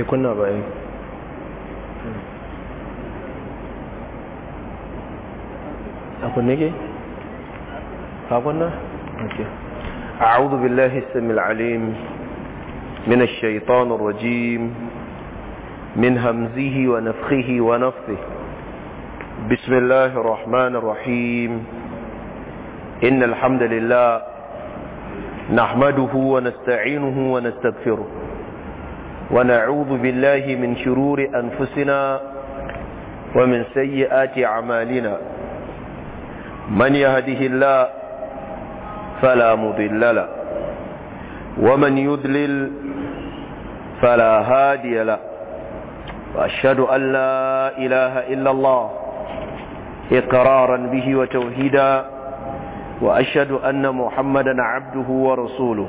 bai كنا بقى ايه اقول kunne اقولنا أعوذ بالله السميع العليم من الشيطان الرجيم من همزه ونفخه ونفثه بسم الله الرحمن الرحيم إن الحمد لله نحمده ونستعينه ونستغفره ونعوذ بالله من شرور أنفسنا ومن سيئات أعمالنا من يهده الله فلا مضل له ومن يضلل فلا هادي له وأشهد أن لا إله إلا الله إقرارا به وتوحيدا وأشهد أن محمدا عبده ورسوله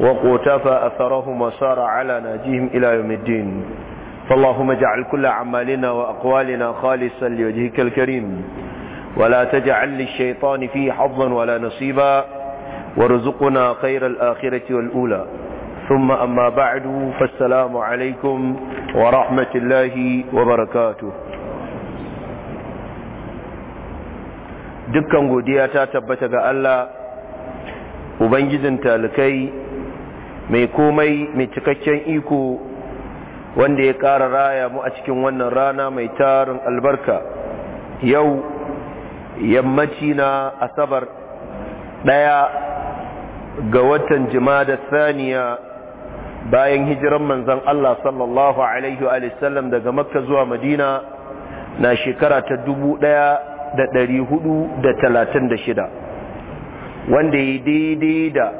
وقتفى أثرهم وسار على ناجيهم إلى يوم الدين فاللهم اجعل كل أعمالنا وأقوالنا خالصا لوجهك الكريم ولا تجعل للشيطان فيه حظا ولا نصيبا وارزقنا خير الآخرة والأولى ثم أما بعد فالسلام عليكم ورحمة الله وبركاته دكا godiya ta ألا ga Allah Ubangijin mai komai mai cikakken iko wanda ya ƙara raya mu a cikin wannan rana mai tarin albarka yau yammaci na asabar ɗaya ga watan da saniya bayan hijiran manzan Allah sallallahu Alaihi wasallam daga makka zuwa madina na shekara ta dubu ɗaya da ɗari hudu da talatin da shida wanda ya daidai da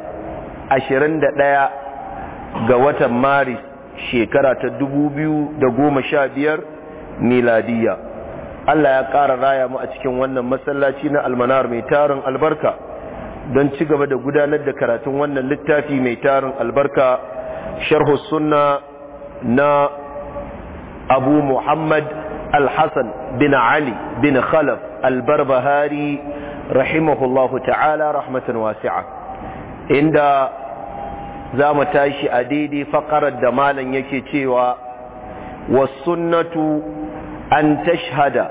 21 ga watan maris shekara ta 2015 miladiya Allah ya ƙara raya mu a cikin wannan masallaci na almanar mai tarin albarka don ci gaba da gudanar da karatun wannan littafi mai tarin albarka sharhu sunna na abu muhammad al-hassan bin ali bin khalaf al-barbahari rahimahullahu ta'ala rahmatan wasi'a inda za mu tashi a daidai fakarar da malam yake cewa wasunnatu an tashhada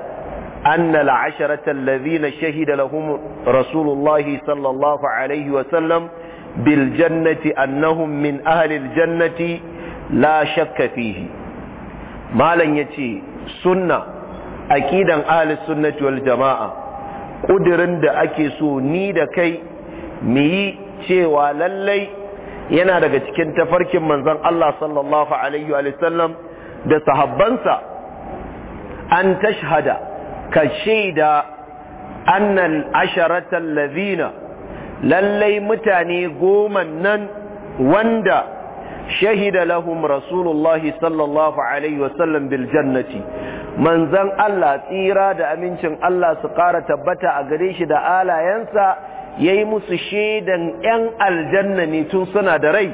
أن العشرة الذين شهد لهم رسول الله صلى الله عليه وسلم بالجنة أنهم من أهل الجنة لا شك فيه ما لن يتي سنة أكيدا أهل السنة والجماعة قدر دا أكسو نيدا كي مي cewa lallai yana daga cikin tafarkin manzan Allah sallallahu alaihi da sahabbansa an tashhada ka shaida annal asharata allazina lallai mutane goma nan wanda shahida lahum rasulullahi sallallahu alaihi wasallam bil jannati manzan Allah tsira da amincin Allah su ƙara tabbata a gare shi da alayensa ya yi musu shaidan 'yan aljanna ne tun suna da rai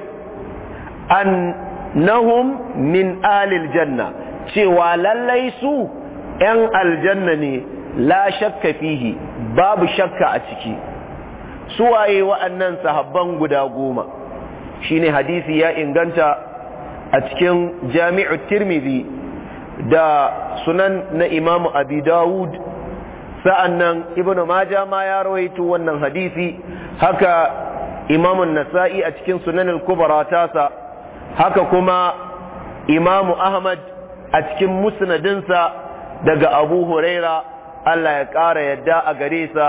an nahum min alil janna cewa lallai su 'yan aljanna ne la shakka fihi babu shakka a ciki su suwaye wa'annan sahabban guda goma shine hadisi ya inganta a cikin jami'ar tirmidhi da sunan na imamu abi dawud sa'annan ibnu maja ma ya rawaito wannan hadisi haka imamun nasa'i a cikin sunanin al tasa haka kuma imamu ahmad a cikin musnadinsa daga abu huraira Allah ya ƙara yadda a gare sa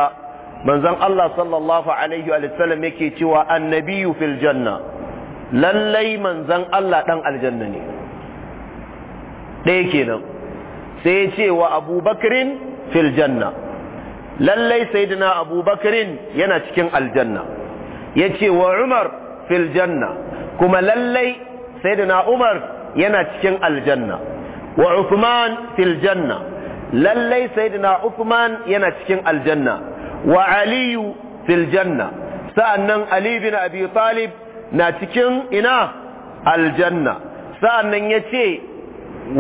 manzan Allah sallallahu alaihi wa sallam yake cewa annabiyu fil janna lallai manzon Allah ɗan aljanna ne ɗaya kenan sai ya ce wa abubakarin fil janna lallai sayyidina abubakarin yana cikin aljanna yace wa umar fil janna kuma lallai sayyidina umar yana cikin aljanna wa uthman fil janna lallai sayyidina uthman yana cikin aljanna wa aliyu fil janna sa'annan ali bin abi talib na cikin ina aljanna sa'annan yace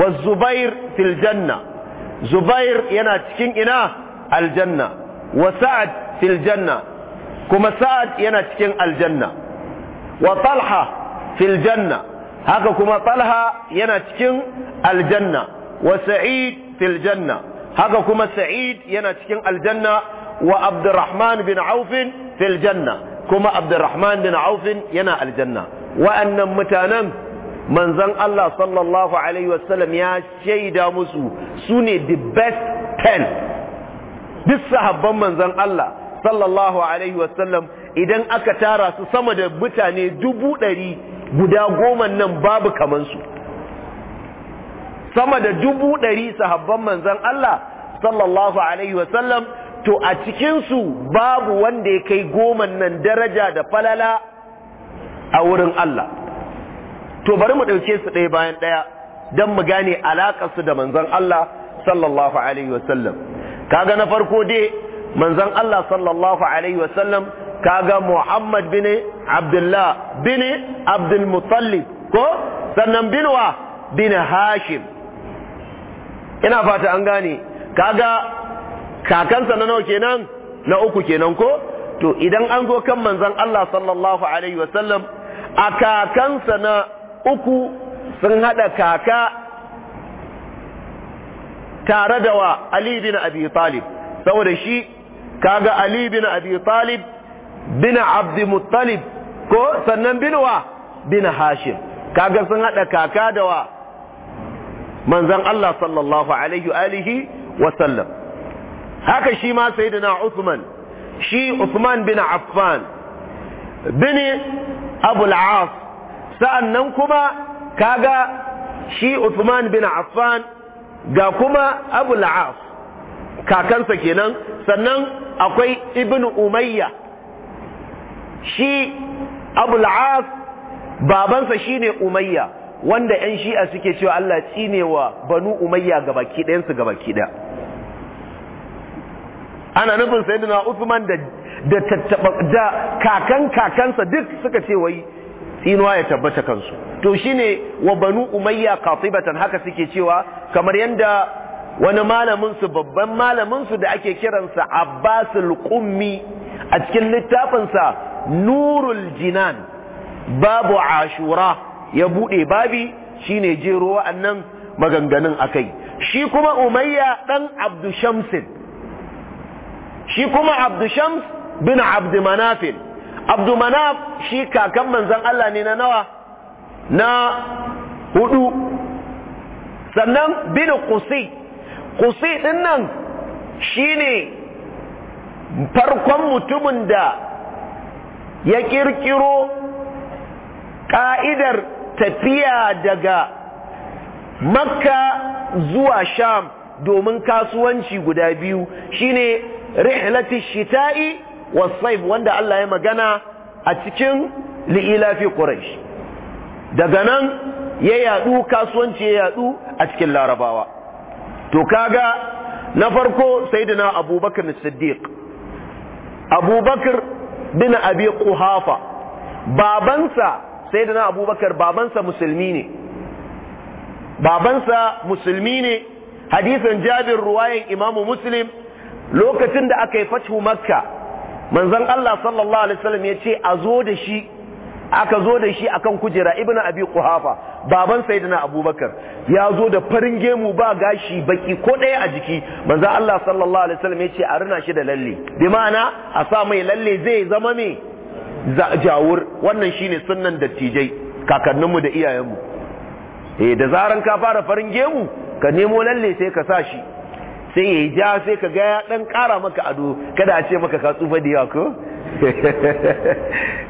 wa zubair fil janna zubair yana cikin ina aljanna wa sa'ad fil janna kuma sa'ad yana cikin aljanna wa talha fil janna haka kuma talha yana cikin aljanna wa sa'id fil janna haka kuma sa'id yana cikin aljanna wa abdurrahman bin auf fil janna kuma abdurrahman bin auf yana aljanna wa'annan mutanen Manzan Allah sallallahu alaihi wasallam ya shaida musu su ne the best ten duk sahabban manzan Allah sallallahu alaihi wasallam idan aka tara su sama da mutane dubu ɗari guda goma nan babu kamansu sama da dubu ɗari sahabban manzan Allah sallallahu alaihi wasallam to a cikinsu babu wanda ya kai goma nan daraja da falala a wurin Allah to bari mu ɗauke su ɗaya bayan ɗaya don mu gane alaƙarsu da manzan Allah sallallahu alaihi wasallam kaga na farko dai manzan Allah sallallahu alaihi wasallam kaga Muhammad bin Abdullah bin Abdul Muttalib ko sannan binwa bin Hashim ina fata an gane kaga kakansa na nawa kenan na uku kenan ko to idan an zo kan manzan Allah sallallahu alaihi wasallam a kakansa na uku sun haɗa kaka tare da wa Ali bin Abi Talib saboda shi kaga Ali bin Abi Talib bin Abd Muttalib ko sannan bin wa bin Hashim kaga sun haɗa kaka da wa manzon Allah sallallahu alaihi wa alihi wa sallam haka shi ma sayyidina Uthman shi Uthman bin Affan bin Abu al-As sa'an nan kuma kaga shi Uthman bin Affan ga kuma Abu La’af kakansa kenan sannan akwai Ibn Umayya shi Abu La’af babansa babansa shine Umayya wanda yan Shi'a suke cewa Allah wa Banu Umayya gabaki ɗayan su gabaki ɗaya ana nufin sai da da da kakan kakansa duk suka ce wai tsinuwa ya tabbata kansu to shine wa banu umayya qatibatan haka suke cewa kamar yanda wani malamin su babban malamin su da ake kiransa Abbasul Qummi a cikin littafin sa Nurul Jinan babu Ashura ya bude babi shine jero wa'annan maganganun akai shi kuma Umayya dan Abdushamsin shi kuma Abdushams bin Abdmanafil abdu shi kakan manzan Allah ne na nawa na hudu sannan bin kusi kusi din nan shine farkon mutumin da ya kirkiro ka'idar tafiya daga makka zuwa sham domin kasuwanci guda biyu shine rihlatish shita'i wasaif wanda Allah ya magana a cikin li'ilafi quraish daga nan ya yadu kasuwanci ya yadu a cikin larabawa to kaga na farko sayyidina abubakar siddiq abubakar bin abi quhafa babansa sayyidina abubakar babansa musulmi ne babansa musulmi ne hadisin jabir ruwayan imamu muslim lokacin da aka yi fathu makka manzon Allah sallallahu alaihi wasallam ya ce a zo da shi aka zo da shi akan kujera ibnu abi quhafa baban sayyidina abubakar ya zo da farin gemu ba gashi baki ko ɗaya a jiki manzon Allah sallallahu alaihi wasallam ya ce a rina shi da lalle bi ma'ana a sa mai lalle zai zama me jawur wannan shine sunnan dattijai kakanninmu da iyayenmu eh da zaran ka fara farin gemu ka nemo lalle sai ka sa shi sai ya yi ja sai ka gaya ya dan kara maka ado kada a ce maka ka tsufa da yawa ko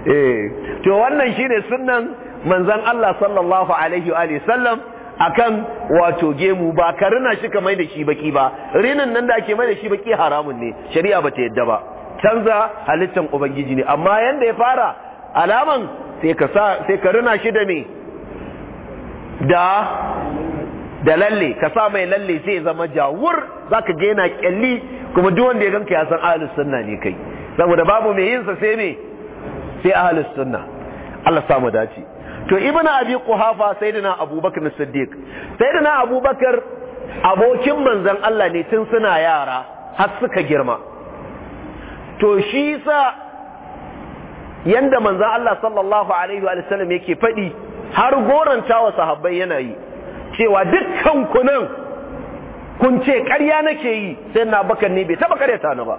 eh. to wannan shine sunnan manzon Allah sallallahu alaihi wa alihi sallam akan wato gemu ba ka rina shi ka mai da shi baki ba rinin nan da ake mai da shi baki haramun ne shari'a ba ta yadda ba canza halittar ubangiji ne amma yanda ya fara alaman sai ka sa sai ka rina shi da me da da lalle ka sa mai lalle sai zama jawur zaka ga yana kyalli kuma duk wanda ya ganka ya san ahlus sunna ne kai saboda babu mai yin sa sai me sai ahlus sunna Allah samu dace to ibnu abi quhafa sayyidina abubakar siddiq sayyidina abubakar abokin manzon Allah ne tun suna yara har suka girma to shi sa yanda manzon Allah sallallahu alaihi wa sallam yake faɗi har gorantawa sahabbai yana yi cewa dukkan kunan kun ce ƙarya nake yi sai na bakan ne bai taba ƙaryata ni ba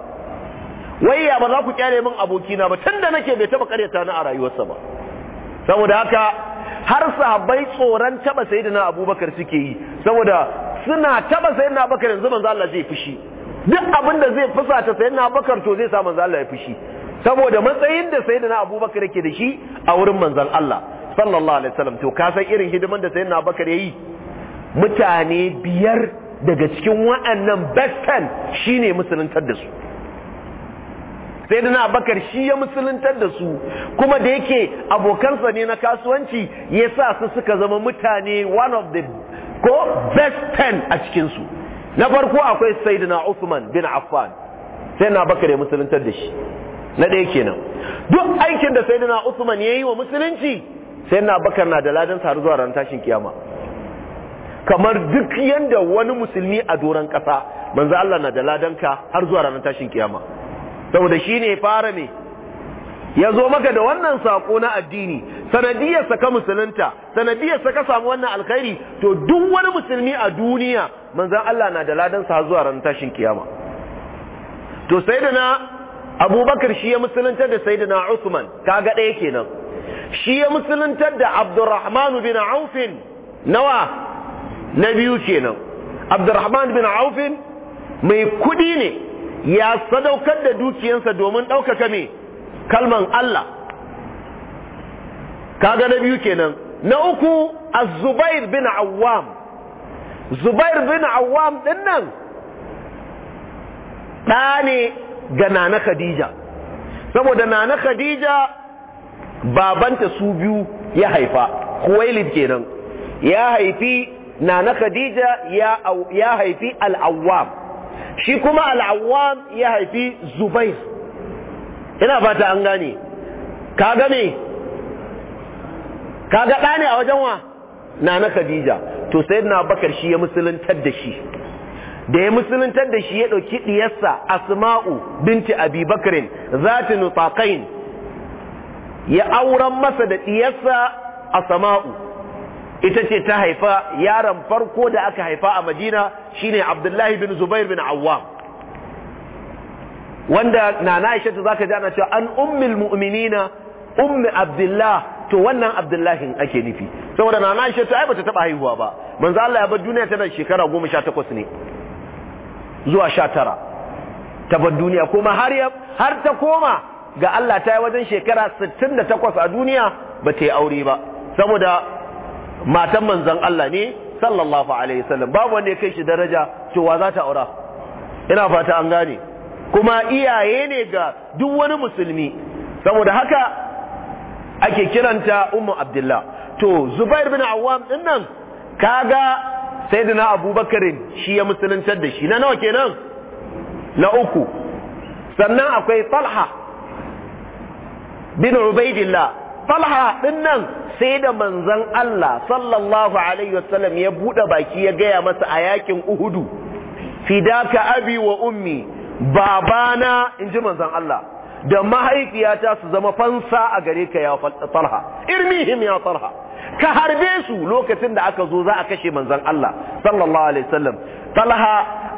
wai ya ba za ku kyale min abokina ba tunda nake bai taba ƙaryata ni a rayuwarsa ba saboda haka har sahabbai tsoron taba sayyidina abubakar suke yi saboda suna taba sayyidina abubakar yanzu manzo Allah zai fushi duk abin da zai fusata sayyidina abubakar to zai sa manzo Allah ya fushi saboda matsayin da sayyidina abubakar yake da shi a wurin manzon Allah sallallahu alaihi wasallam to ka san irin hidiman da sayyidina abubakar yayi mutane biyar daga cikin wa'annan shi shine musuluntar da su sai na bakar shi ya musuluntar da su kuma da yake abokansa ne na kasuwanci ya sa su suka zama mutane one of the ko best ten a cikinsu na farko akwai na Usman bin Affan sai na bakar ya musuluntar da shi na ɗaya kenan duk aikin da na Usman ya yi wa musulunci sai na bakar na da ladan har zuwa ran tashin kiyama kamar duk yanda wani musulmi a doron ƙasa manzo Allah na da ladanka har zuwa ranar tashin kiyama saboda shine fara me ya zo maka da wannan sako na addini sanadiyar saka musulunta sanadiyar saka samu wannan alkhairi to duk wani musulmi a duniya manzon Allah na da ladansa har zuwa ranar tashin kiyama to sayyidina Abubakar shi ya musuluntar da sayyidina Uthman kaga ɗaya kenan shi ya musuluntar da Abdurrahman bin Auf nawa na biyu kenan abdurrahman bin aufin mai kudi ne ya sadaukar da dukiyansa domin ɗaukaka mai kalman Allah kaga na biyu kenan na uku a zubair bin Awam. zubair bin Awam din nan ɗa ne ga nana khadija saboda nana khadija babanta su biyu ya haifa kuwailid kenan ya haifi nana khadija ya haifi al'awwam shi kuma al'awwam ya haifi zubair ina fata an gane kaga me ka ɗa ne a wajen wa nana khadija to sayyidina bakar shi ya musuluntar da shi da ya musuluntar da shi ya ɗauki ɗiyarsa asma'u binti abi bakarin zati ya auren masa da ɗiyarsa asma'u ita ce ta haifa yaron farko da aka haifa a madina shine abdullahi bin zubair bin awwam wanda nana aisha ta zaka ji ana cewa an ummul mu'minina ummi abdullah to wannan abdullahi ake nufi saboda nana aisha ta ai taba haihuwa ba manzo Allah ya bar duniya tana shekara 18 ne zuwa 19 ta bar duniya kuma har har ta koma ga Allah ta yi wajen shekara 68 a duniya ba ta yi aure ba saboda matan manzon Allah ne sallallahu alaihi wasallam babu wanda ya kai shi daraja cewa za ta aura ina fata an gane kuma iyaye ne ga duk wani musulmi saboda haka ake kiranta ummu abdullah to zubair bin awam din nan kaga sayyidina abubakar shi ya musuluntar da shi na nawa kenan na uku sannan akwai talha bin ubaidillah talha ɗin nan sai da manzon Allah sallallahu alaihi wasallam ya buɗe baki ya gaya masa a yakin uhudu fidaka abi wa ummi babana inji manzan Allah da mahaifiyata su zama fansa a gare ka ya talha irmihim ya talha ka harbe su lokacin da aka zo za a kashe manzan Allah sallallahu alaihi wasallam talha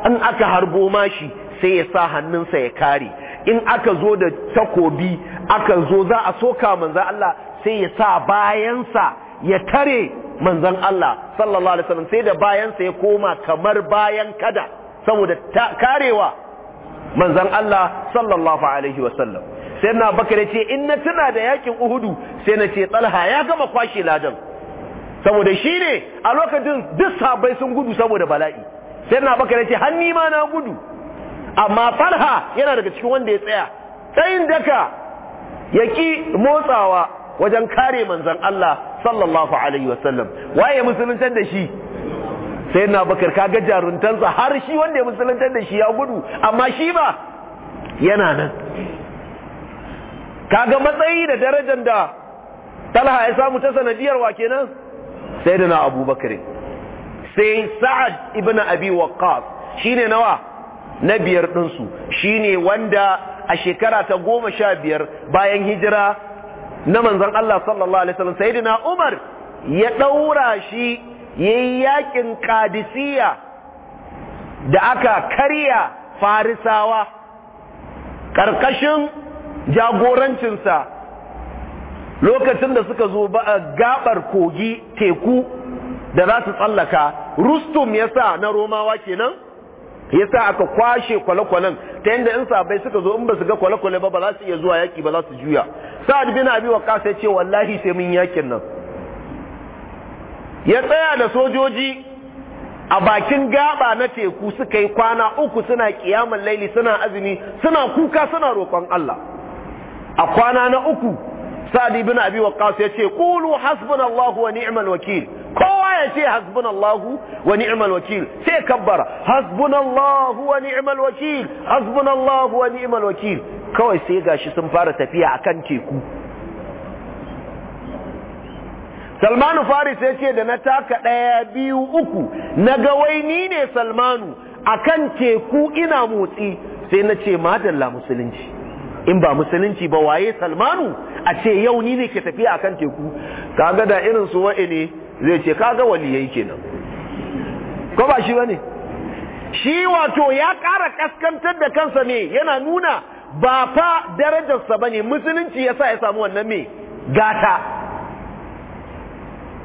in aka harbo mashi sai ya sa hannunsa ya kare in aka zo da takobi aka zo za a soka manzan Allah sai ya sa bayansa ya tare manzan Allah sallallahu alaihi wasallam sai da bayansa ya koma kamar bayan kada saboda karewa manzan Allah sallallahu alaihi wasallam sai na bakar ce in na tuna da yakin uhudu sai na ce talha ya gama kwashe ladan saboda shi ne a lokacin duk sabai sun gudu saboda bala'i sai na bakar ce hanni ma na gudu amma falha yana daga cikin wanda ya tsaya tsayin daka ya ki motsawa wajen kare manzan Allah sallallahu alaihi wasallam waye musuluntar da shi sai na bakar kaga jaruntansa har shi wanda ya musuluntar da shi ya gudu amma shi ba yana nan kaga matsayi da darajar da talha ya samu ta sanadiyar wa kenan sai da na abubakar sai sa'ad ibn abi waqqas shine nawa na biyar ɗinsu shi ne wanda a shekara ta goma sha biyar bayan hijira na manzan Allah sallallahu alaihi wasallam dina Umar ya ɗaura shi ya yi yakin ƙadisiya da aka karya Farisawa ƙarƙashin jagorancinsa lokacin da suka zo ba a gaɓar kogi teku da za su tsallaka Rustum ya sa na Romawa kenan yasa aka kwashe kwale-kwalen ta yadda in sabai suka zo in ba su ga kwale-kwale ba ba za su iya zuwa yaki ba za su juya sa'ad bin abi wa kasa ce wallahi sai mun yakin nan ya tsaya da sojoji a bakin gaba na teku suka yi kwana uku suna kiyaman laili suna azumi suna kuka suna roƙon Allah a kwana na uku sa'ad bin abi kasa ya ce qulu hasbunallahu wa ni'mal wakil kowa ya ce hasbunallahu wa ni'mal wakil sai kabbara hasbunallahu wa ni'mal wakil hasbunallahu wa ni'mal wakil kawai sai gashi sun fara tafiya akan teku Salmanu Faris ya ce da na taka ɗaya biyu uku na ga waini ne Salmanu akan teku ina motsi sai na ce madalla musulunci in ba musulunci ba waye Salmanu a ce yau ni ne ke tafiya akan teku kaga da irin su wa'ine zai ce kaga waliyai kenan ko ba shi bane shi wato ya ƙara kaskantar da kansa ne yana nuna ba fa darajarsa bane musulunci yasa ya samu wannan me gata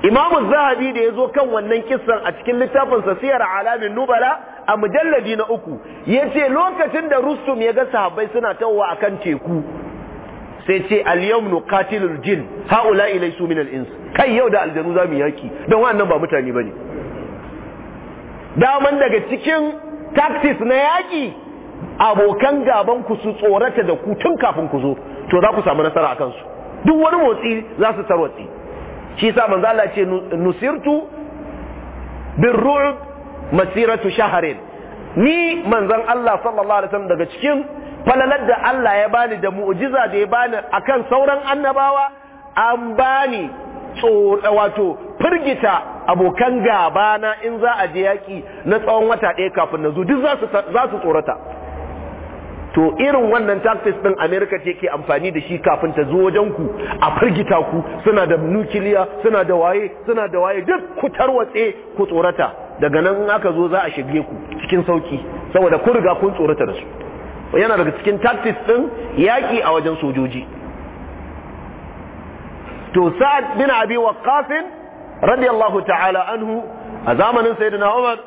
imamu zahabi da ya zo kan wannan kissan a cikin littafinsa siyar alamin nubala a mujalladi na uku ya ce lokacin da rustum ya ga sahabbai suna tawwa akan teku sai ce al-yawm nuqatilul jin haula ilaysu min al-ins kai yau da aljanu zamu yaki don wannan ba mutane bane daman daga cikin tactics na yaki abokan gaban ku su tsorata da ku tun kafin ku zo to za ku samu nasara akan su duk wani motsi za su tarwatsi shi sa manzo Allah ce nusirtu birru'b masiratu shahrin ni manzon Allah sallallahu alaihi wasallam daga cikin falalar da Allah ya bani da mu'jiza da ya bani akan sauran annabawa an bani wato firgita abokan gaba na in za a je yaki na tsawon wata ɗaya kafin na zo duk za su tsorata to irin wannan tactics din America ce ke amfani da shi kafin ta zo wajen ku a firgita ku suna da nukiliya suna da waye suna da waye duk ku tarwatse ku tsorata daga nan in aka zo za a shige ku cikin sauki saboda kun riga kun tsorata da su yana daga cikin tactics din yaƙi a wajen sojoji to sa'ad bin abi waqqas radiyallahu ta'ala anhu a zamanin sayyidina Umar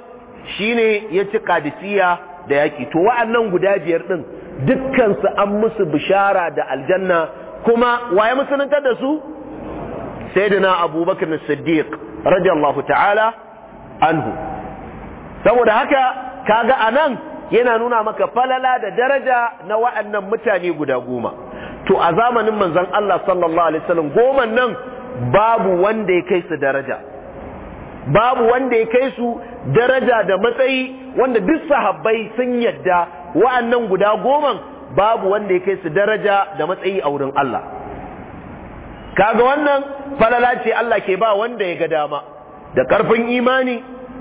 shine ya ci qadisiya da yaki to wa'annan guda biyar din dukkan su an musu bishara da aljanna kuma waye musuluntar da su sayyidina Abubakar as-Siddiq radiyallahu ta'ala anhu saboda haka kaga anan yana nuna maka falala da daraja na wa'annan mutane guda goma to a zamanin manzon Allah sallallahu alaihi wasallam goman nan babu wanda ya kai su daraja babu wanda ya kai su daraja da matsayi wanda duk sahabbai sun yadda wa'annan guda goma babu wanda ya kai su daraja da matsayi a wurin Allah kaga wannan falala ce Allah ke ba wanda ya ga dama da karfin imani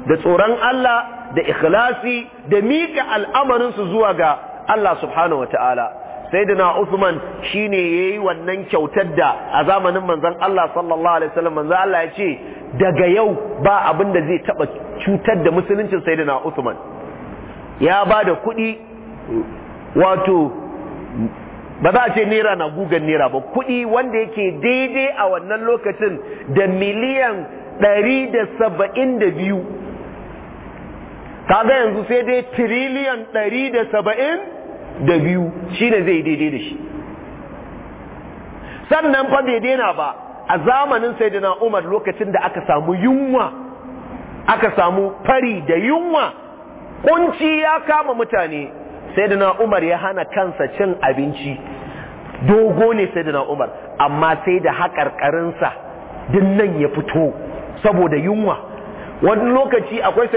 da tsoron Allah da ikhlasi da miƙa al'amarinsu zuwa ga Allah subhanahu wa ta'ala sai da na Uthman shi ne ya yi wannan kyautar da a zamanin manzan Allah sallallahu Alaihi wasallam manzan Allah ya ce daga yau ba abin da zai taɓa cutar da musuluncin sai da na Uthman ya ba da kuɗi wato ba za a ce naira na gugan naira ba kuɗi wanda yake daidai a wannan lokacin da miliyan ɗari da saba'in da biyu kaga yanzu sai dai tiriliyan ɗari da saba'in da biyu shi ne zai daidai da shi sannan fa bai daina ba a zamanin sai umar lokacin da aka samu yunwa aka samu fari da yunwa kunci ya kama mutane sai umar ya hana kansa cin abinci dogo ne sai umar amma sai da haƙarƙarinsa din nan ya fito saboda yunwa wani lokaci akwai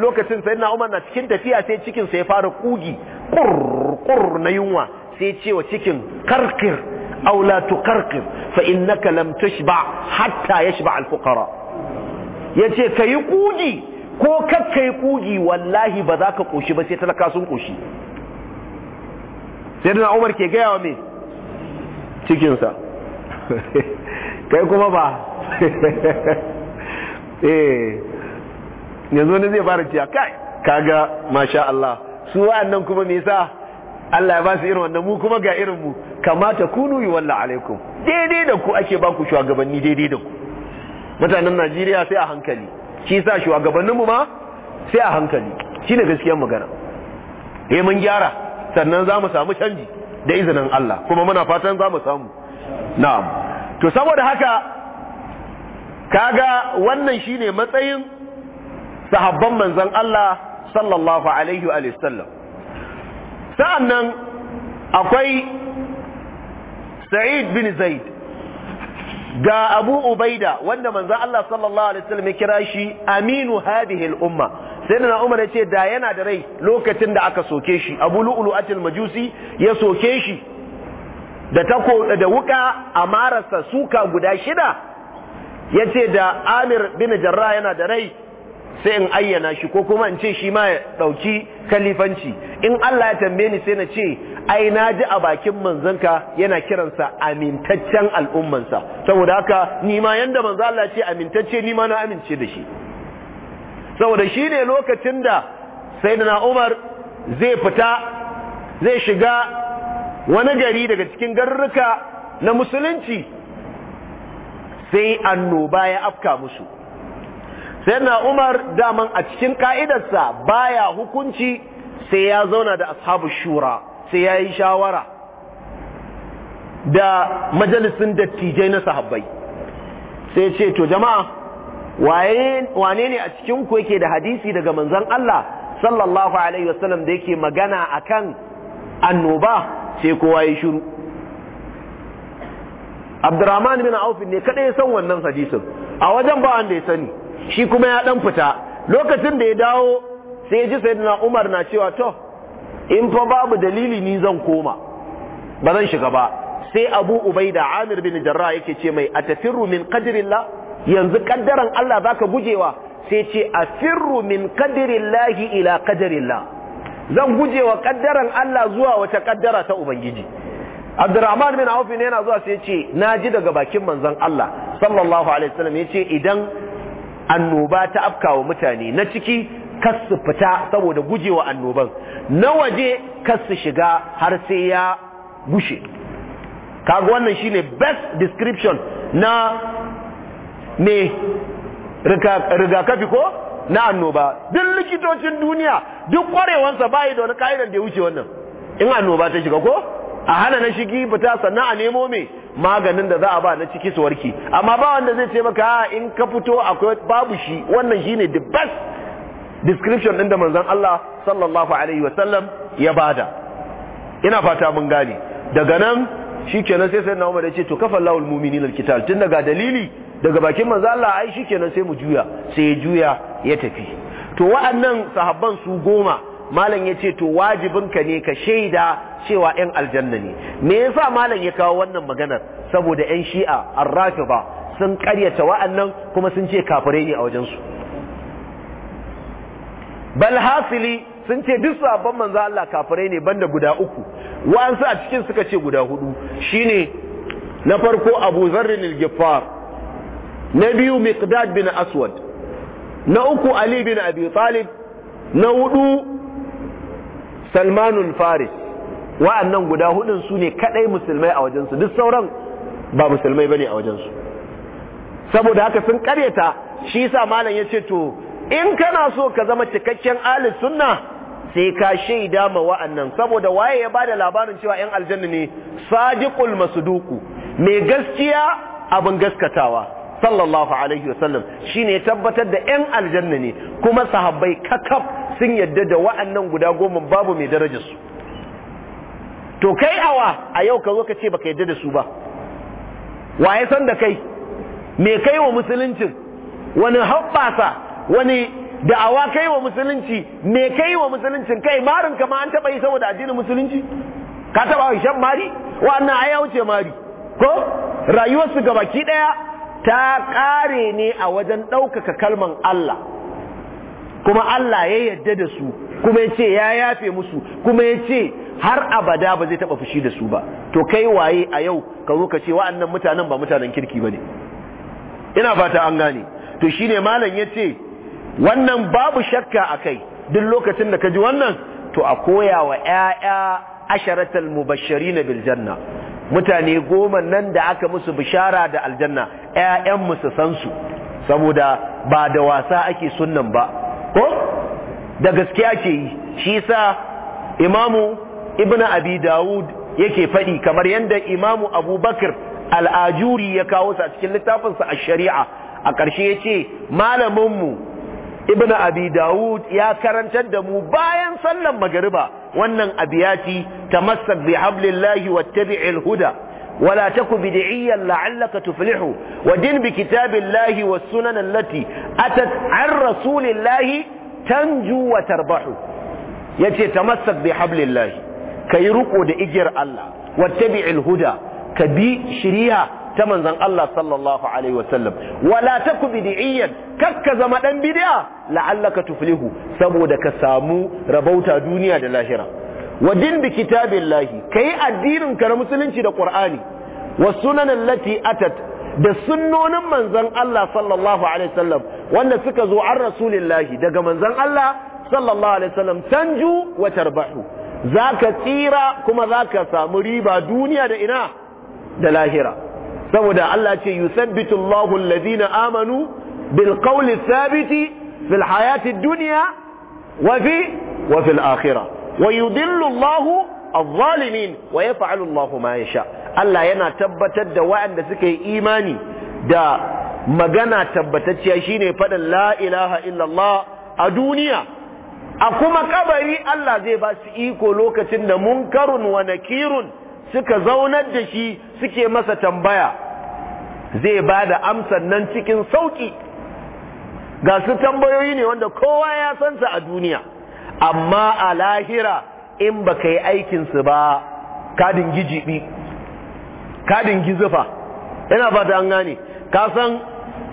lokacin sayyidina Umar na cikin tafiya sai cikin ya fara kugi kurkur na yunwa sai cewa cikin karkir aw karkir fa innaka lam tushba hatta yashba al fuqara yace kai kugi ko kakkai kugi wallahi ba za ka koshi ba sai talaka sun koshi sayyidina Umar ke gaya wa me cikin sa kai kuma ba eh yanzu wani zai fara cewa kai kaga masha Allah su wa'annan kuma me yasa Allah ya ba su irin wannan mu kuma ga irin mu kamata kunu yi walla alaikum daidai da ku ake ba ku shugabanni daidai da ku mutanen Najeriya sai a hankali shi sa shugabannin mu ma sai a hankali shine gaskiyar magana eh mun gyara sannan za mu samu canji da izinin Allah kuma muna fatan za mu samu na'am to saboda haka kaga wannan shine matsayin sahabban manzon Allah sallallahu alaihi wa akwai Sa'id bin Zaid ga Abu Ubaida wanda manzon Allah sallallahu alaihi ya kira shi aminu hadhihi umma sai Umar ya ce da yana da rai lokacin da aka soke shi Abu Lu'lu'atul Majusi ya soke shi da tako da wuka a marasa suka guda shida yace da Amir bin Jarrah yana da rai sai in ayyana shi ko kuma in ce shi ma ya ɗauki kalifanci in Allah ya tambaye ni sai na ce ai na ji a bakin manzanka yana kiransa amintaccen al'ummansa saboda haka ni ma yanda manzo Allah ce amintacce ni ma na amince da shi saboda shi ne lokacin da sayyidina Umar zai fita zai shiga wani gari daga cikin garruka na musulunci sai annoba ya afka musu sai na umar daman a cikin ka'idarsa baya hukunci sai ya zauna da ashabu shura sai ya yi shawara da majalisun dattijai na sahabbai sai ce to jama'a wane ne a cikinku yake da hadisi daga manzan Allah sallallahu alaihi wasallam da yake magana a kan annoba sai kowa ya shiru Abdurrahman bin ofin ne kada ya san wannan hadisin a wajen ba wanda ya sani shi kuma ya dan fita lokacin da ya dawo sai ya ji sayyidina Umar na cewa to in fa babu dalili ni zan koma ba zan shiga ba sai Abu Ubaida Amir bin Jarrah yake ce mai atafirru min qadrillah yanzu kaddaran Allah zaka gujewa sai ce afirru min qadrillahi ila qadrillah zan gujewa kaddaran Allah zuwa wata kaddara ta ubangiji Abdurrahman bin Auf ne yana zuwa sai ce naji daga bakin manzon Allah sallallahu alaihi wasallam yace idan annoba ta afkawa mutane na ciki kasu fita saboda gujewa annoban na waje kasu shiga har sai ya gushe kaga wannan shine best description na me rigakafi ko na annoba duk likitocin duniya duk kwarewansa bayi da wani ka'idan da ya wuce wannan in annoba ta shiga ko a hana na shigi fita sannan a nemo me maganin da za a ba na ciki su warke amma ba wanda zai ce maka ah, in ka fito akwai babu shi wannan shine the best description din da manzon Allah sallallahu alaihi wasallam ya bada ina fata mun gane daga nan shikenan sai sai na Umar ya ce to kafa Allahul mu'minina alqital tun daga dalili daga bakin Manza Allah ai shikenan sai mu juya sai ya juya ya tafi to wa'annan sahabban su goma malam ya ce to wajibinka ne ka shaida cewa ‘yan aljanna ne me yasa malam ya kawo wannan maganar saboda ‘yan shi'a ba sun karyata wa'annan kuma sun ce kafirai ne a wajensu bal hasili sun ce duk sabon manzo Allah kafirai ne banda guda uku wa'ansu a cikin suka ce guda hudu shine na farko Abu Zarr al-Ghaffar na biyu Miqdad bin Aswad na uku Ali bin Abi Talib na hudu salmanul faris wa'annan guda hudun su ne kadai musulmai a wajensu duk sauran ba musulmai bane a wajensu saboda haka sun karyata shi yasa malam yace to in kana so ka zama cikakken ahli sunna sai ka shaida ma wa'annan saboda waye ya bada labarin cewa yan aljanna ne sadiqul masduqu mai gaskiya abin gaskatawa sallallahu alaihi wasallam shine tabbatar da yan aljanna ne kuma sahabbai kakaf sun yadda da wa'annan guda goma babu mai darajar su to kai awa a yau ka zo ka ce baka yadda da su ba waye san da kai me kai wa musuluncin wani haɓɓasa wani da awa kai wa musulunci me kai wa musuluncin kai marin kama an taba yi saboda addinin musulunci ka taɓa shan mari Wannan ai wuce mari ko rayuwar su ga baki ɗaya ta ƙare ne a wajen ɗaukaka kalman Allah kuma Allah ya yarda da su kuma yace ya yafe musu kuma yace har abada ba zai taba fushi da su ba to kai waye a yau ka zo ka ce wa'annan mutanen ba mutanen kirki bane ina fata an gane to shine malam yace wannan babu shakka akai duk lokacin da ka ji wannan to a koya wa ƴaƴa asharatal mubashirin bil janna mutane goma nan da aka musu bishara da aljanna ƴaƴan mu su san su saboda ba da wasa ake sunnan ba ko da gaskiya ke yi shi yasa imamu ibn abi dawud yake faɗi kamar yadda imamu abubakar al'ajuri ya kawo sa cikin littafinsa a shari'a a ƙarshe ya ce malaminmu ibn abi dawud ya karantar da mu bayan sallan magariba wannan abiyati tamassak bi hablillahi wattabi'il huda ولا تك بدعيا لعلك تفلح ودن بكتاب الله والسنن التي أتت عن رسول الله تنجو وتربح يجي تمسك بحبل الله ka yi riko da igiyar Allah wattabi'il huda ka bi shiriya ta manzon Allah sallallahu alaihi wasallam wala taku bid'iyyan kakka zama dan bid'a la'allaka tuflihu saboda ka samu rabauta duniya da lahira wadin bi ka yi addinin ka na musulunci da qur'ani was sunan allati atat da sunnonin manzon Allah sallallahu alaihi wasallam wanda suka zo an rasulillahi daga manzon Allah sallallahu alaihi wasallam tanju wa tarbahu zaka ka tsira kuma zaka samu riba duniya da ina da lahira saboda Allah ce yusabbitu Allahu alladhina amanu bil qawli thabiti fil hayati dunya wa fi wa fil akhirah wa yudillu Allahu adh-dhalimin wa yaf'alu Allahu ma yasha Allah yana tabbatar da waɗanda suka yi imani da magana tabbatacciya shine faɗin la ilaha illa Allah a duniya a kuma kabari Allah zai ba su iko lokacin da munkarun wa nakirun suka zaunar da shi suke masa tambaya zai ba da amsan nan cikin sauki ga su tambayoyi ne wanda kowa ya san su a duniya amma a lahira in baka yi su ba kadin gijibi kadin gizufa ina fata an gane ka san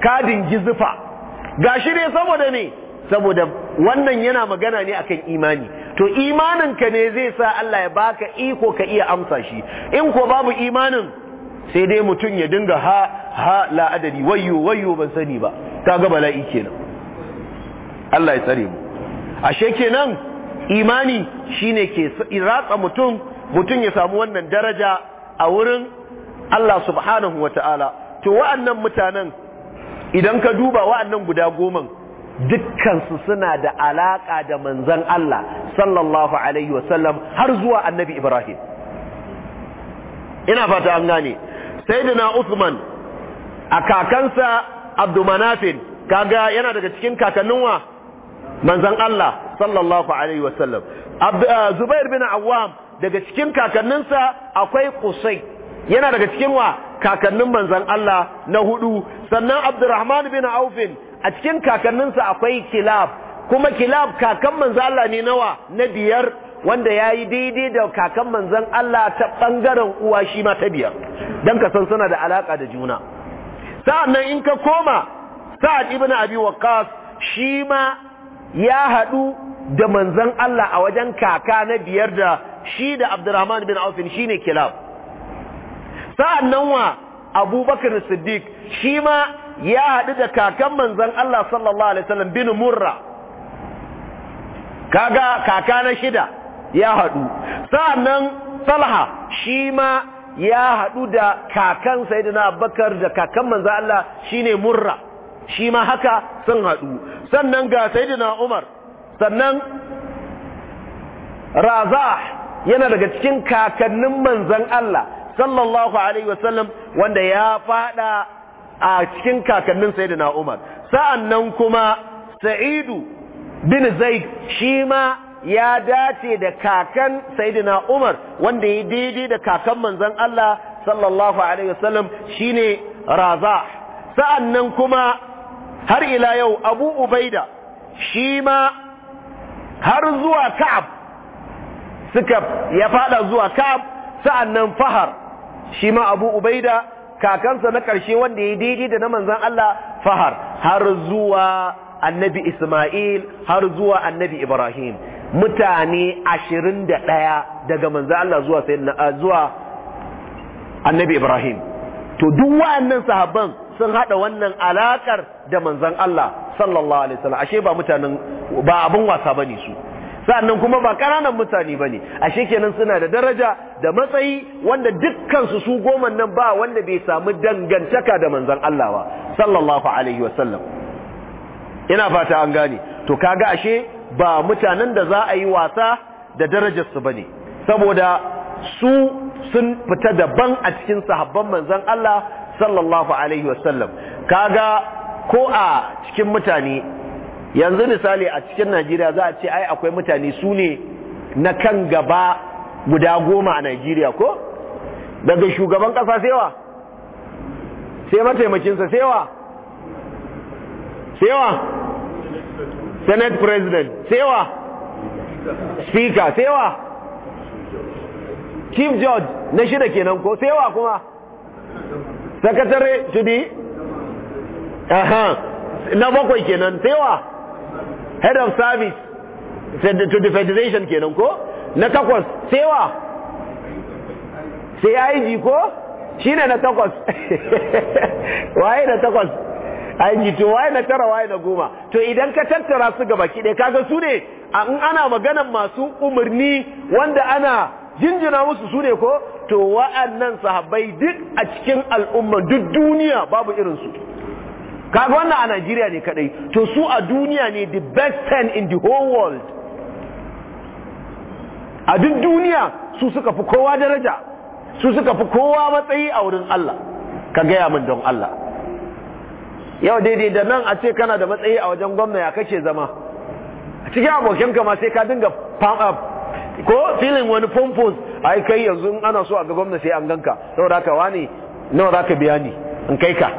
kadin gizufa gashi ne saboda ne saboda wannan yana magana ne akan imani to imaninka ne zai sa Allah ya baka iko ka iya amsa shi in ko babu imanin sai dai mutum ya dinga ha ha la adadi wayyo wayyo ban sani ba kaga bala'i kenan Allah ya tsare mu ashe kenan imani shine ke ratsa mutum mutum ya samu wannan daraja a wurin Allah subhanahu wataala to wa'annan mutanen idan ka duba wa'annan guda goma dukkansu suna da alaƙa da manzan Allah sallallahu Alaihi wasallam har zuwa annabi Ibrahim. Ina fata an gane, Sayyidina Usman a kakansa Abdumanafin kaga yana daga cikin kakannin wa manzan Allah sallallahu Alaihi wasallam. Uh, Zubair bin Awwam daga cikin kakanninsa akwai kusai. yana daga cikin wa kakannin manzan Allah na hudu sannan Abdurrahman bin Aufin a cikin kakanninsa akwai kilab kuma kilab kakan manzo Allah ne nawa na biyar wanda yayi daidai da kakan manzon Allah ta bangaren uwa shi ma ta biyar dan ka san suna da alaka da juna sa'annan in ka koma sa'ad ibn abi waqqas shi ma ya haɗu da manzon Allah a wajen kaka na biyar da shi da Abdurrahman bin Auf shine kilab sa'annan wa Abubakar Siddiq shi ma ya haɗu da kakan manzan Allah sallallahu alaihi wasallam bin murra kaga kaka na shida ya haɗu sa'annan salha shi ma ya haɗu da kakan sayyidina abubakar da kakan manzan Allah shine murra shi ma haka sun haɗu sannan ga sayyidina umar sannan razah yana daga cikin kakannin manzan Allah sallallahu alaihi wasallam wanda ya fada a cikin kakannin sayyidina Umar sa'annan kuma Sa'idu bin Zaid shi ma ya dace da kakan sayyidina Umar wanda ya daidai da kakan manzon Allah sallallahu alaihi wasallam shine Raza nan kuma har ila yau Abu Ubaida shi ma har zuwa Ka'ab suka ya fada zuwa Ka'ab sa'annan Fahar shi ma Abu Ubaida kakansa na ƙarshe wanda ya daidai da na manzan Allah fahar har zuwa annabi Ismail har zuwa annabi Ibrahim mutane ashirin da ɗaya daga manzan Allah zuwa annabi Ibrahim to duk wa'annan sahabban sun haɗa wannan alaƙar da manzan Allah sallallahu alaihi wasallam ashe ba mutanen ba abin wasa bane su sannan kuma ba ƙananan mutane ba ne ashe kenan suna da daraja da matsayi wanda dukkansu su goma nan ba wanda bai samu dangantaka da manzon Allah ba sallallahu alaihi wasallam ina fata an gane to kaga ashe ba mutanen da za a yi wasa da darajarsu ba ne saboda su sun fita daban a cikin sahabban manzon Allah sallallahu alaihi wasallam kaga ko a cikin mutane yanzu misali a cikin najeriya za a ce ai akwai mutane su ne na kan gaba guda goma a najeriya ko daga shugaban kasa sewa sai mataimakinsa sewa sewa senate president sewa speaker sewa chief judge na shida kenan ko sewa kuma secretary to the aha na bakwai kenan sewa head of service to the federation kenan ko na takwas sewa sai yi ko shine na takwas waye na takwas IG to waye na tara waye na goma to idan ka tattara su gaba baki ɗaya kaga su ne in ana maganan masu umarni wanda ana jinjina musu su ne ko to wa'annan sahabbai duk a cikin al'umma duk duniya babu irinsu kaga wannan a Najeriya ne kadai to su a duniya ne the best ten in the whole world a duk duniya su suka fi kowa daraja su suka fi kowa matsayi a wurin Allah ka gaya min don Allah yau daidai da nan a ce kana da matsayi a wajen gwamna ya kashe zama a cikin abokinka ma sai ka dinga up ko filin wani a yi kai yanzu ana so a ga gwamna sai an ganka za ka wani nawa ka biya ni in kai ka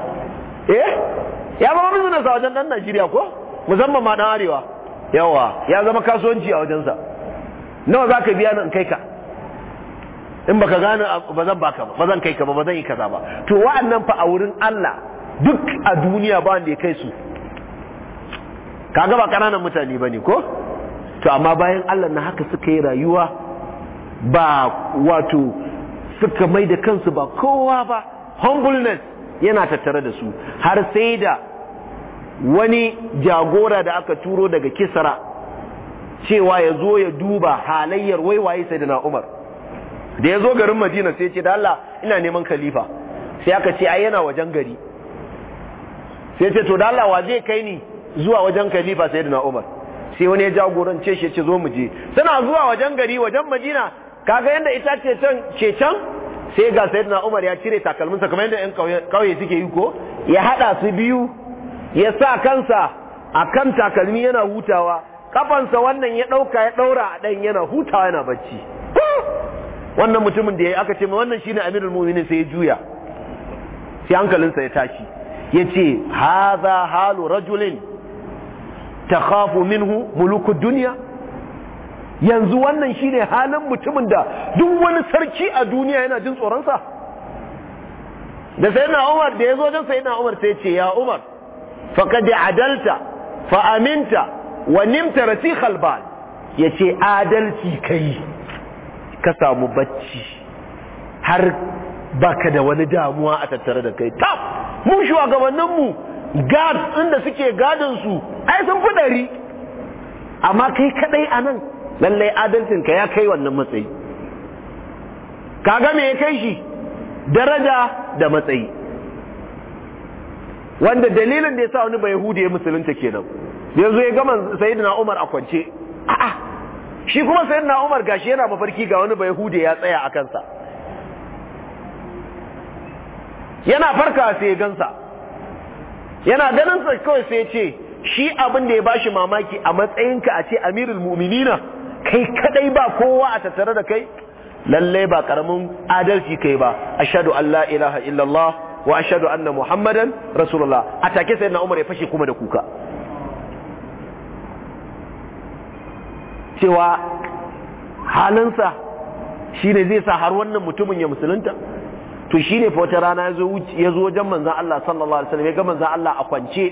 eh ya zama business a wajen dan Najeriya ko musamman ma dan arewa yawa ya zama kasuwanci a wajensa nawa za ka biya nan kai ka in baka gane ba zan baka ba zan kai ka ba ba zan yi kaza ba to wa'annan fa a wurin Allah duk a duniya ba wanda ya kai su kaga ba kananan mutane bane ko to amma bayan Allah na haka suka yi rayuwa ba wato suka mai da kansu ba kowa ba humbleness yana tattare da su har sai da wani jagora da aka turo daga kisra cewa ya zo ya duba halayyar waiwaye sai da umar da ya zo garin madina sai ce da Allah ina neman khalifa sai aka ce ai yana wajen gari sai ce to da Allah wa zai kai ni zuwa wajen khalifa sai da umar sai wani ya jagorance shi ce zo mu je suna zuwa wajen gari wajen madina kaga yanda ita ce can ce can sai ga sayyidina umar ya cire takalminsa kamar yadda yan kauye suke yi ko ya hada su biyu ya sa kansa a kan takalmi yana hutawa kafansa wannan ya ɗauka ya ɗaura a ɗan yana hutawa yana bacci wannan mutumin da ya aka ce wannan shine amirul mu'minin sai ya juya sai hankalinsa ya tashi ya ce haza halu rajulin takhafu minhu mulukud dunya yanzu wannan shine halin mutumin da duk wani sarki a duniya yana jin tsoronsa da sai na umar da ya zo don sai na umar sai ce ya umar فقد adalta fa aminta wa nimta يتي عدلتي yace adalci kai ka samu bacci har baka da wani damuwa a tattare da kai tab mu shugabannin mu guards inda suke gadin su ai sun fi dari amma kai kadai anan lallai adalcin ka ya kai wannan matsayi kaga me ya kai shi daraja da matsayi wanda dalilin da ya sa wani ba hude ya musulunta kenan yanzu ya gama sayyidina Umar a kwance a'a shi kuma sayyidina Umar gashi yana mafarki ga wani ba ya tsaya a kansa yana farka sai ya gansa yana ganin sa kawai sai ya ce shi abin da ya bashi mamaki a matsayinka a ce amirul mu'minina kai kadai ba kowa a tattare da kai lallai ba karamin adalci kai ba ashhadu an la ilaha illallah wa ashhadu anna muhammadan rasulullah sayan na umar ya fashe kuma da kuka cewa halinsa shine zai sa har wannan mutumin ya musulunta to shine fa wata rana ya zo wajen manzan Allah sallallahu alaihi wasallam ya ga manzan Allah a kwance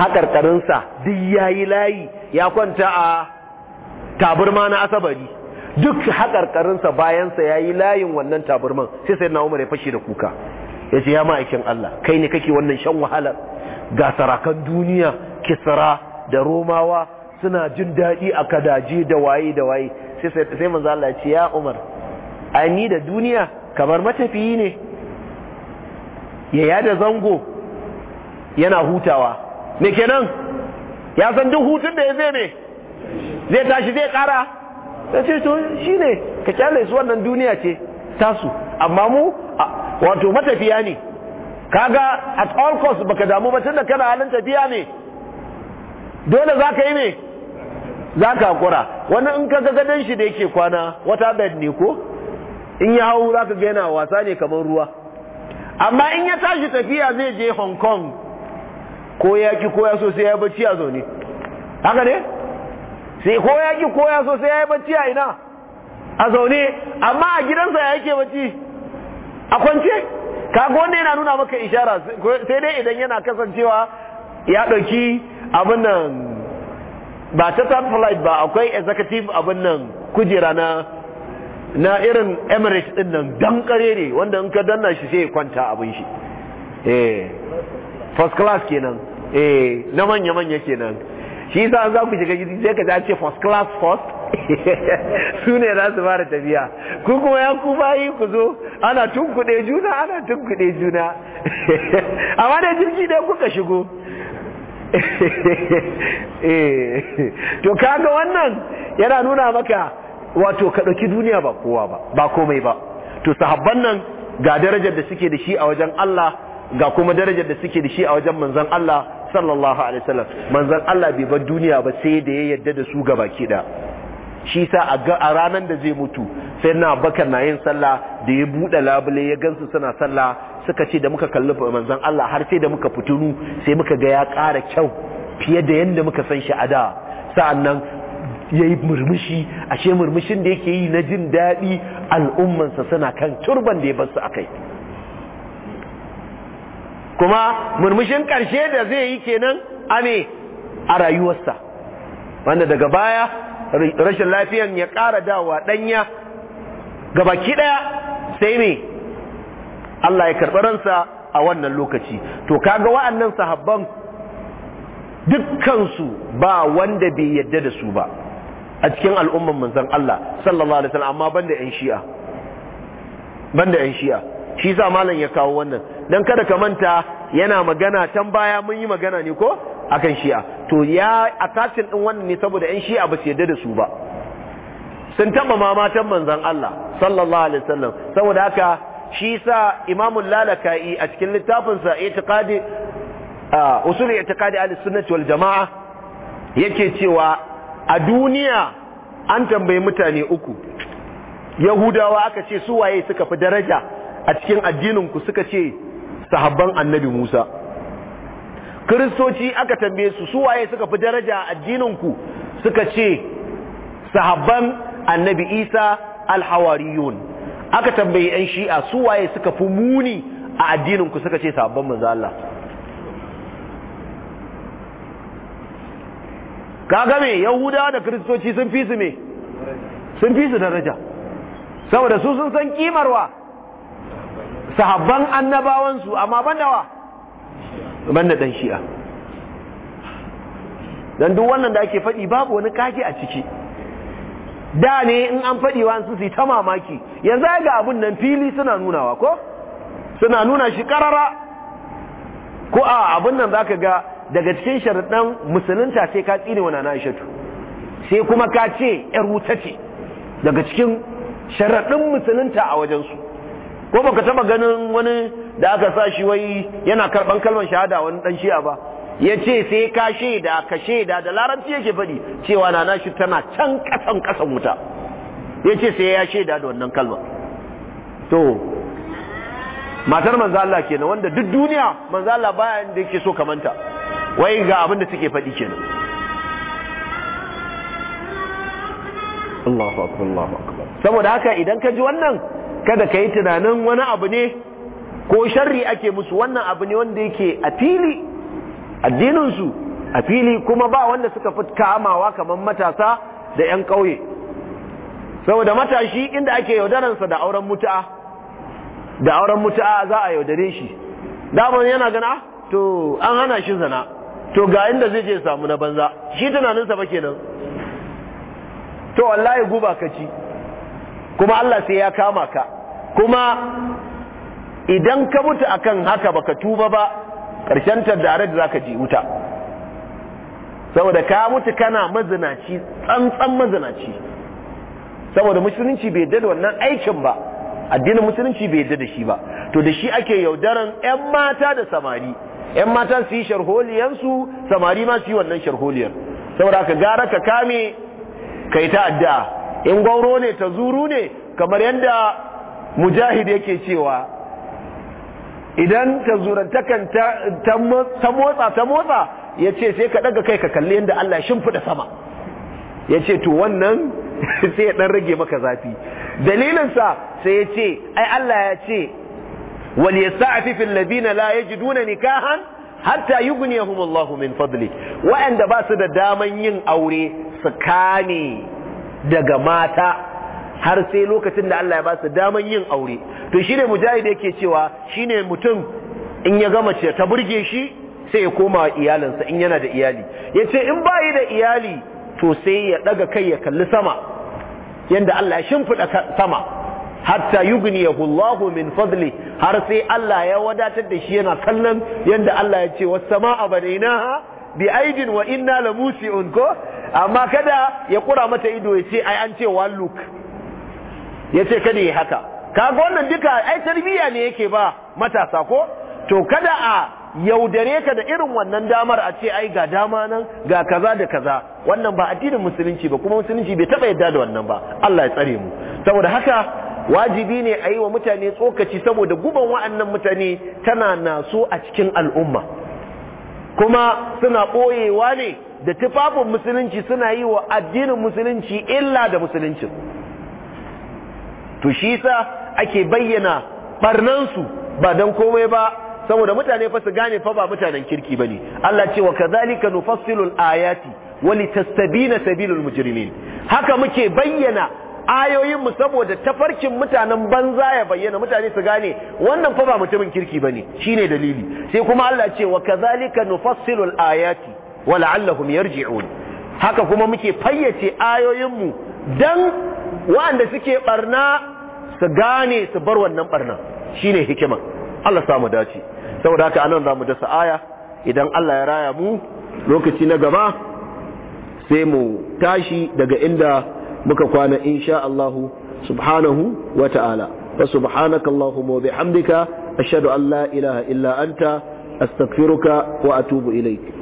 haƙarƙarinsa duk yayi layi ya kwanta a taburma na asabari duk haƙarƙarinsa bayansa ya yi layin wannan taburman sai sai na Umar ya fashe da kuka ya ce ya ma'aikin Allah kai ne kake wannan shan wahalar ga sarakan duniya kisara da romawa suna jin daɗi a kadaje da waye da waye sai manzo ya ce ya Umar ai da duniya kamar matafiyi ne ya yada zango yana hutawa me kenan ya san duk hutun da ya zai ne zai tashi zai kara sai ce to shine ka kyale su wannan duniya ce tasu amma mu wato matafiya ne kaga at all cost baka damu ba tunda kana halin tafiya ne dole zaka yi ne zaka hakura wani in kaga gadon shi da yake kwana wata bed ne ko in ya hau zaka ga yana wasa ne kamar ruwa amma in ya tashi tafiya zai je Hong Kong ko ya ki ko ya so sai ya bacci a zaune haka ne sai ko ya ki ko ya so sai ya bacci a ina a zaune amma a gidansa ya yake bacci a kwance kaga wanda yana nuna maka ishara sai dai idan yana kasancewa ya ɗauki abinnan ba ta flight ba akwai executive abinnan kujera na na irin emirates din nan dan karere wanda in ka danna shi sai kwanta abin shi eh first class kenan eh na manya manya kenan shi an za ku shiga gidi sai ka ce first class first su ne za su fara tafiya ku kuma ya ku bayi ku zo ana tunkuɗe juna ana tunkuɗe juna amma da jirgi ɗaya kuka shigo eh, to kaga wannan yana nuna maka wato ka ɗauki duniya ba kowa ba ba komai ba to sahabban nan ga darajar da suke da shi a wajen Allah ga kuma darajar da suke da shi a wajen manzon Allah sallallahu alaihi wasallam manzon Allah bai bar duniya ba sai da ya yarda da su ga baki ɗaya shi sa a ranar da zai mutu sai na bakar na yin sallah da ya buɗe labule ya gansu suna sallah suka ce da muka kalli manzon Allah har sai da muka fitunu sai muka ga ya ƙara kyau fiye da yadda muka san shi a da nan ya yi murmushi ashe murmushin da yake yi na jin daɗi al'ummansa suna kan turban da ya bar su akai kuma murmushin ƙarshe da zai yi kenan ame a rayuwarsa wanda daga baya rashin lafiyan ya ƙara dawa ɗanya gaba ɗaya sai me Allah ya karɓi ransa a wannan lokaci to kaga wa'annan sahabban dukkansu ba wanda bai yadda da su ba a cikin al'umman manzon Allah sallallahu alaihi wasallam amma banda ƴan shi'a banda ƴan shi'a shi sa malam ya kawo wannan dan kada ka manta yana magana can baya mun yi magana ne ko akan shi'a to ya a kasin din wannan ne saboda yan shi'a ba su yarda da su ba sun taba ma matan manzon Allah sallallahu alaihi wasallam saboda haka shi sa imamul lalaka'i a cikin littafin sa i'tiqadi usul i'tiqadi ahli sunnah wal jama'a yake cewa a duniya an tambayi mutane uku yahudawa aka ce su waye suka fi daraja a cikin addinin ku suka ce sahabban annabi Musa kiristoci aka tambaye su su waye suka fi daraja a addininku suka ce sahabban annabi isa alhawariyun aka tambayi yan shi'a su waye suka fi muni a addininku suka ce sahabban manzo Allah ga me yahuda da kiristoci sun fi su me sun fi su daraja saboda su sun san kimarwa sahabban annabawansu amma ban dawa banda dan shi'a dan duk wannan da ake faɗi babu wani kage a ciki da ne in an faɗi wa su ta mamaki yanzu ya ga abun nan fili suna nunawa ko suna nuna shi karara ko a abun nan za ka ga daga cikin sharaɗin musulunta sai ka tsini wa nana aishatu sai kuma ka ce yar wuta ce daga cikin sharaɗin musulunta a wajensu ko baka taɓa ganin wani da aka sa shi wai yana karban kalmar shahada wani dan shi'a ba ya ce sai ka shaida ka shaida da laranci yake faɗi cewa Nana shi tana can ƙasan kasan wuta ya ce sai ya shaida da wannan kalma to matar manzo Allah kenan wanda duk duniya manzo Allah baya inda yake so kamanta wai ga abin da suke faɗi kenan Allahu akbar Allahu akbar saboda haka idan ka ji wannan kada ka yi tunanin wani abu ne ko sharri ake musu wannan abu ne wanda yake a fili addininsu a fili kuma ba wanda suka fi kamawa kamar matasa da 'yan ƙauye saboda matashi inda ake yaudaransa da auren mutu'a da auren mutu'a za a yaudare shi daman yana gana ah, to an hana shi zana to ga inda zai je samu na banza shi tunaninsa ba kenan to wallahi guba ka ci kuma Allah sai ya kama ka kuma idan ka mutu akan haka baka tuba ba ƙarshen tattarar da zaka ji wuta saboda ka mutu kana mazinaci tsantsan mazinaci saboda musulunci bai yadda da wannan aikin ba addinin musulunci bai yadda da shi ba to da shi ake yaudaran 'yan mata da samari 'yan mata su yi sharholiyansu samari ma su yi wannan sharholiyar saboda ka gara ka kame kai ta addu'a in gwauro ne ta zuru ne kamar yadda mujahid yake cewa idan ka zurantakan ta motsa ta motsa ya ce sai ka daga kai ka kalli yadda Allah ya shimfiɗa sama ya ce to wannan sai ya ɗan rage maka zafi dalilinsa sai ya ce ai Allah ya ce wal yasta'fifil Labina la yajiduna nikahan hatta yughniyahum Allahu min fadli wa'anda ba su da daman yin aure su kane daga mata har sai lokacin da Allah ya ba su daman yin aure to shine mujahid yake cewa shine mutum in ya gama ce ta burge shi sai ya koma iyalinsa in yana da iyali yace in ba yi da iyali to sai ya daga kai ya kalli sama yanda Allah ya shimfida sama hatta yugniyahu Allahu min fadli har sai Allah ya wadatar da shi yana kallon yanda Allah ya ce was samaa banainaha bi aidin wa inna lamusi'un ko amma kada ya kura mata ido ya ce ai an ce walluk ya ce kada yi haka kaga wannan duka ai tarbiyya ne yake ba matasa ko to kada a yaudare ka da irin wannan damar a ce ai ga dama nan ga kaza da kaza wannan ba addinin musulunci ba kuma musulunci bai taba yadda da wannan ba Allah ya tsare mu saboda haka wajibi ne a yi wa mutane tsokaci saboda guban wa'annan mutane tana naso a cikin al'umma kuma suna ɓoyewa ne da tufafin musulunci suna yi wa addinin musulunci illa da musuluncin to shi sa ake bayyana barnansu ba don komai ba saboda mutane fa su gane fa ba mutanen kirki bane Allah ce wa kazalika nufassilu ayati wa litastabina sabilul mujrimin haka muke bayyana ayoyin mu saboda tafarkin mutanen banza ya bayyana mutane su gane wannan fa ba mutumin kirki bane shine dalili sai kuma Allah ce wa kazalika nufassilu ayati wa la'allahum yarji'un haka kuma muke fayyace ayoyin mu dan wa'anda suke barna su gane su bar wannan barna shine hikima Allah samu dace saboda haka anan zamu dasa aya idan Allah ya raya mu lokaci na gaba sai mu tashi daga inda muka kwana insha Allah subhanahu wa ta'ala fa subhanaka allahumma wa bihamdika ashhadu an la ilaha illa anta astaghfiruka wa atubu ilayk